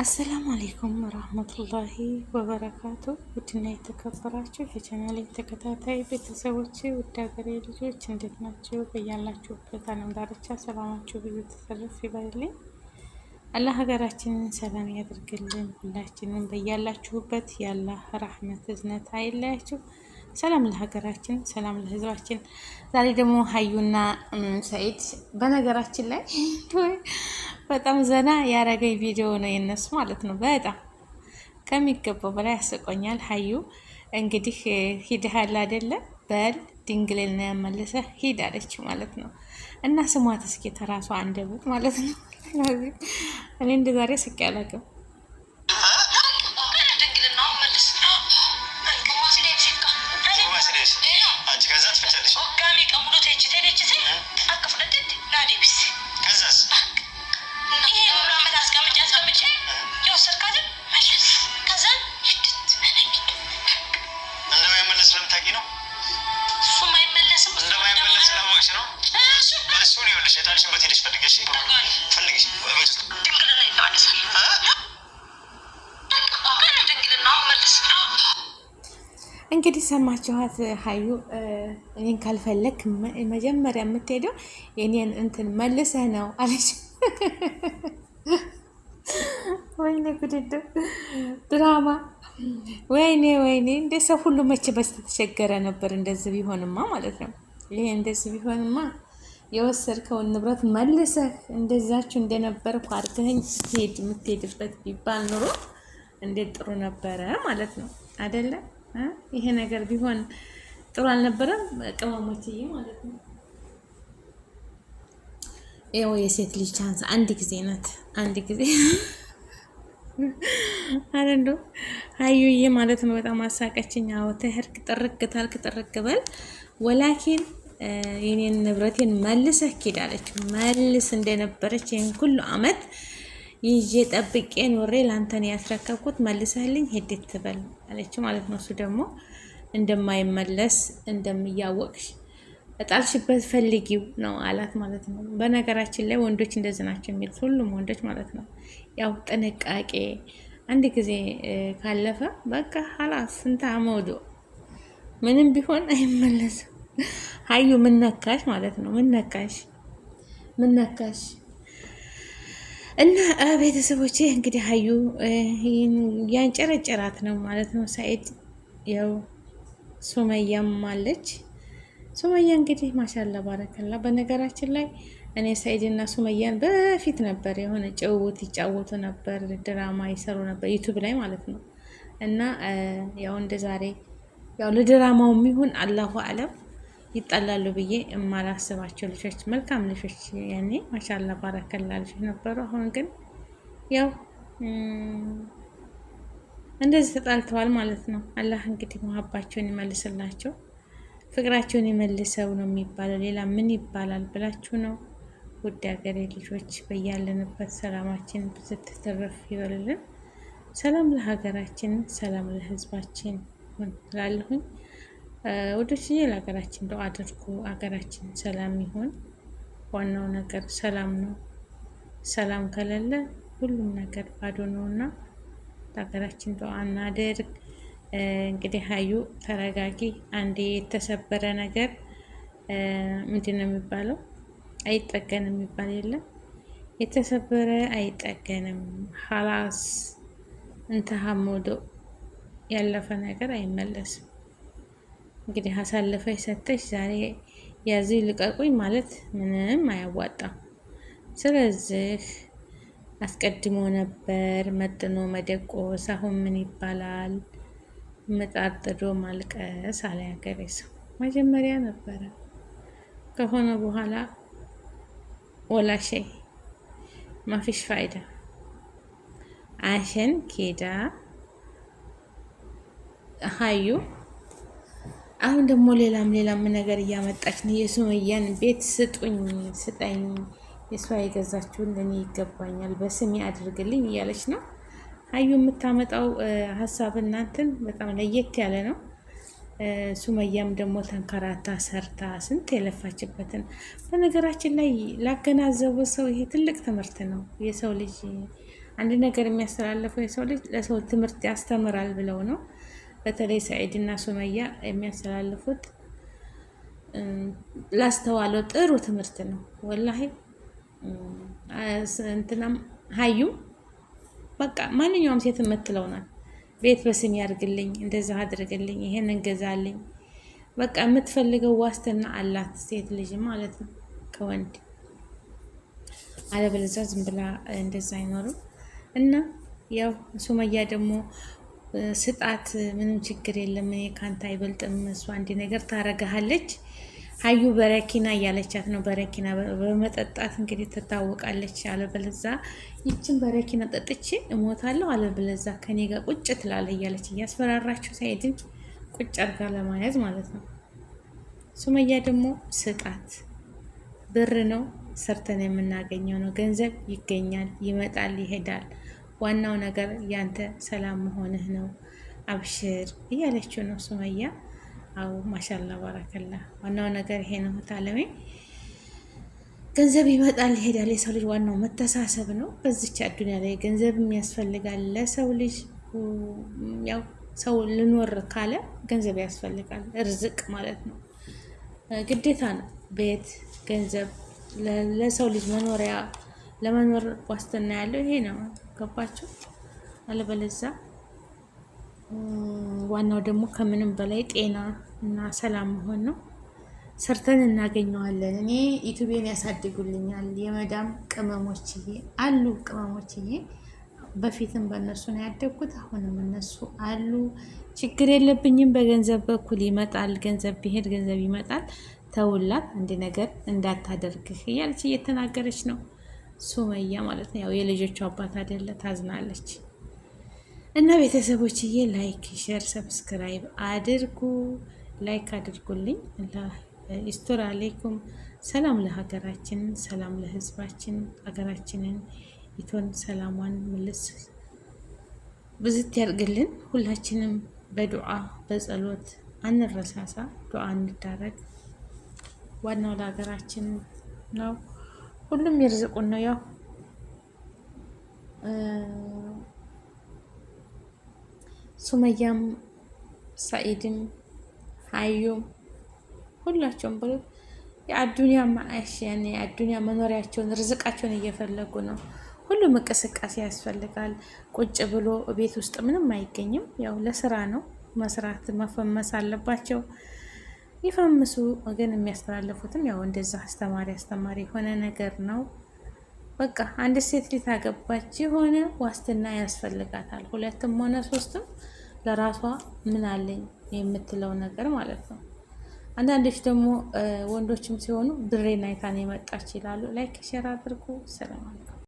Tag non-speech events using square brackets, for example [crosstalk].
አሰላሙ አሌይኩም ረህመቱላሂ ወበረካቱ። ውድና የተከበራችሁ የቻናሌ ተከታታይ ቤተሰቦች ውድ ሀገሬ ልጆች እንዴት ናቸው? በያላችሁበት ዓለም ዳርቻ ሰላማችሁ ብዙ ተሰረፍ ይበልልኝ። አላህ ሀገራችንን ሰላም ያደርግልን። ሁላችንም በያላችሁበት ያላህ ረህመት እዝነት አይለያችሁ። ሰላም ለሀገራችን፣ ሰላም ለህዝባችን። ዛሬ ደግሞ ሀዩና ሰኢድ በነገራችን ላይ በጣም ዘና ያረገኝ ቪዲዮ ነው የነሱ ማለት ነው። በጣም ከሚገባው በላይ ያስቆኛል። ሀዩ እንግዲህ ሂድሃል አይደለ? በል ድንግልና ያመለሰ ሂድ አለች ማለት ነው። እና ስሟ እስኪ ተራሷ አንደበት ማለት ነው። እኔ እንደዛሬ ስቄ አላውቅም። ፈልገሽ የጣልሽበት ሄደሽ ፈልገሽ እንግዲህ ሰማችኋት። ሀዩ እኔን ካልፈለግ መጀመሪያ የምትሄደው የኔን እንትን መልሰህ ነው አለች። ወይኔ ጉድድ ድራማ! ወይኔ ወይኔ! እንደ ሰው ሁሉ መቼ በስተተቸገረ ነበር። እንደዚህ ቢሆንማ ማለት ነው። ይሄ እንደዚህ ቢሆንማ የወሰድከውን ንብረት መልሰህ እንደዛችሁ እንደነበርኩ አድርገኸኝ ስትሄድ የምትሄድበት ቢባል ኑሮ እንዴት ጥሩ ነበረ ማለት ነው አደለ? ይሄ ነገር ቢሆን ጥሩ አልነበረም ቅመሞችዬ ማለት ነው። ይኸው የሴት ልጅ ቻንስ አንድ ጊዜ ናት፣ አንድ ጊዜ [laughs] አረ እንደው ሀዩዬ ማለት ነው። በጣም አሳቀችኝ። አዎ ተህርክ ጥርቅ ታልክ ጥርቅ በል ወላኪን የኔን ንብረቴን መልሰህ ኪድ አለችው። መልስ እንደነበረች ይህን ሁሉ አመት ይዤ ጠብቄ ኖሬ ላንተን ያስረከብኩት መልሰህልኝ ሄዴት ትበል አለችው ማለት ነው። እሱ ደግሞ እንደማይመለስ እንደምያወቅሽ እጣልሽበት ፈልጊው ነው አላት ማለት ነው። በነገራችን ላይ ወንዶች እንደዚህ ናቸው የሚሉት ሁሉም ወንዶች ማለት ነው። ያው ጥንቃቄ አንድ ጊዜ ካለፈ በቃ ሀላስ ስንታ መውዶ ምንም ቢሆን አይመለስም። ሀዩ ምነካሽ ማለት ነው። ምነካሽ ምነካሽ እና ቤተሰቦቼ እንግዲህ ሀዩ ያንጨረጨራት ነው ማለት ነው። ሳይድ ያው ሱመያም አለች። ሱመያ እንግዲህ ማሻላ ባረከላ። በነገራችን ላይ እኔ ሳይድ እና ሱመያን በፊት ነበር የሆነ ጭውውት ይጫወቱ ነበር፣ ድራማ ይሰሩ ነበር ዩቱብ ላይ ማለት ነው። እና ያው እንደ ዛሬ ያው ለድራማው የሚሆን አላሁ አለም ይጣላሉ ብዬ የማላስባቸው ልጆች መልካም ልጆች ያኔ ማሻላ ባረከላ ልጆች ነበሩ። አሁን ግን ያው እንደዚህ ተጣልተዋል ማለት ነው። አላህ እንግዲህ መሀባቸውን ይመልስላቸው፣ ፍቅራቸውን የመልሰው ነው የሚባለው። ሌላ ምን ይባላል ብላችሁ ነው ውድ ሀገሬ ልጆች በያለንበት ሰላማችን ብዝት ይበልልን። ሰላም ለሀገራችን፣ ሰላም ለህዝባችን ይሁን ወደችዬ ለሀገራችን ዱአ አድርጉ። ሀገራችን ሰላም ይሆን። ዋናው ነገር ሰላም ነው። ሰላም ከሌለ ሁሉም ነገር ባዶ ነው እና ለሀገራችን ዱአ እናድርግ። እንግዲህ ሀዩ ተረጋጊ። አንዴ የተሰበረ ነገር ምንድን ነው የሚባለው? አይጠገንም የሚባል የለም። የተሰበረ አይጠገንም። ሀላስ እንተሃ ያለፈ ነገር አይመለስም። እንግዲህ አሳልፈሽ ሰተሽ ዛሬ ያዙ ልቀቁኝ ማለት ምንም አያዋጣም። ስለዚህ አስቀድሞ ነበር መጥኖ መደቆስ። አሁን ምን ይባላል መጣጥዶ ማልቀስ አለ ያገሬ ሰው። መጀመሪያ ነበረ ከሆነ በኋላ ወላሸ ማፊሽ ፋይዳ አሸን ኬዳ ሀዩ አሁን ደግሞ ሌላም ሌላም ነገር እያመጣች ነው። የሱመያን ቤት ስጡኝ ስጠኝ፣ የእሷ የገዛችውን ለእኔ ይገባኛል፣ በስሜ አድርግልኝ እያለች ነው። አዩ የምታመጣው ሀሳብ እናንትን በጣም ለየት ያለ ነው። ሱመያም ደግሞ ተንከራታ ሰርታ ስንት የለፋችበትን በነገራችን ላይ ላገናዘበ ሰው ይሄ ትልቅ ትምህርት ነው። የሰው ልጅ አንድ ነገር የሚያስተላልፈው የሰው ልጅ ለሰው ትምህርት ያስተምራል ብለው ነው በተለይ ሰዒድ እና ሱመያ የሚያስተላልፉት ላስተዋለው ጥሩ ትምህርት ነው። ወላሂ እንትናም ሀዩ በቃ ማንኛውም ሴት የምትለውናል። ቤት በስም ያድርግልኝ፣ እንደዛ አድርግልኝ፣ ይሄን እንገዛልኝ፣ በቃ የምትፈልገው ዋስትና አላት ሴት ልጅ ማለት ነው ከወንድ አለበለዚያ ዝም ብላ እንደዛ አይኖርም እና ያው ሱመያ ደግሞ ስጣት፣ ምንም ችግር የለም፣ እኔ ካንተ አይበልጥም፣ እሱ አንድ ነገር ታረግሃለች። ሀዩ በረኪና እያለቻት ነው። በረኪና በመጠጣት እንግዲህ ትታወቃለች። አለበለዛ ይችን በረኪና ጠጥቼ እሞታለሁ፣ አለበለዛ ከኔ ጋር ቁጭ ትላለ እያለች እያስፈራራችሁ ሳይድን ቁጭ አድርጋ ለማያዝ ማለት ነው። ሱመያ ደግሞ ስጣት፣ ብር ነው ሰርተን የምናገኘው ነው። ገንዘብ ይገኛል፣ ይመጣል፣ ይሄዳል። ዋናው ነገር ያንተ ሰላም መሆንህ ነው፣ አብሽር እያለችው ነው ሱመያ። አው ማሻላ ባረከላ። ዋናው ነገር ይሄ ነው። ታለሜ ገንዘብ ይመጣል ይሄዳል። የሰው ልጅ ዋናው መተሳሰብ ነው። በዚች አዱኒያ ላይ ገንዘብ ያስፈልጋል ለሰው ልጅ። ያው ሰው ልኖር ካለ ገንዘብ ያስፈልጋል፣ ርዝቅ ማለት ነው፣ ግዴታ ነው። ቤት፣ ገንዘብ ለሰው ልጅ መኖሪያ ለመኖር ዋስትና ያለው ይሄ ነው። ገባችሁ? አለበለዛ ዋናው ደግሞ ከምንም በላይ ጤና እና ሰላም መሆን ነው። ሰርተን እናገኘዋለን። እኔ ኢትዮጵያን ያሳድጉልኛል የመዳም ቅመሞች አሉ ቅመሞችዬ። በፊትም በእነሱ ነው ያደግኩት፣ አሁንም እነሱ አሉ። ችግር የለብኝም። በገንዘብ በኩል ይመጣል። ገንዘብ ቢሄድ ገንዘብ ይመጣል። ተውላት አንድ ነገር እንዳታደርግህ እያለች እየተናገረች ነው። ሱመያ ማለት ነው። ያው የልጆቹ አባት አይደለ ታዝናለች። እና ቤተሰቦችዬ ላይክ፣ ሼር፣ ሰብስክራይብ አድርጉ። ላይክ አድርጉልኝ። ኢስቶር አሌይኩም። ሰላም ለሀገራችን፣ ሰላም ለህዝባችን ሀገራችንን ኢቶን ሰላሟን ምልስ ብዝት ያርግልን። ሁላችንም በዱዓ በጸሎት አንረሳሳ፣ ዱዓ እንዳረግ። ዋናው ለሀገራችን ነው። ሁሉም ይርዝቁን ነው። ያው ሱመያም ሰኢድም ሀዩም ሁላቸውም ብሎ የአዱኒያ ማዕሽ ያኔ የአዱኒያ መኖሪያቸውን ርዝቃቸውን እየፈለጉ ነው። ሁሉም እንቅስቃሴ ያስፈልጋል። ቁጭ ብሎ ቤት ውስጥ ምንም አይገኝም። ያው ለስራ ነው መስራት መፈመስ አለባቸው። ይፈምሱ ወገን የሚያስተላልፉትም ያው እንደዛ አስተማሪ አስተማሪ የሆነ ነገር ነው። በቃ አንድ ሴት ሊታገባች የሆነ ዋስትና ያስፈልጋታል። ሁለትም ሆነ ሶስትም ለራሷ ምን አለኝ የምትለው ነገር ማለት ነው። አንዳንዶች ደግሞ ወንዶችም ሲሆኑ ብሬ አይታን የመጣች ይላሉ። ላይክ ሼር አድርጉ። ሰላም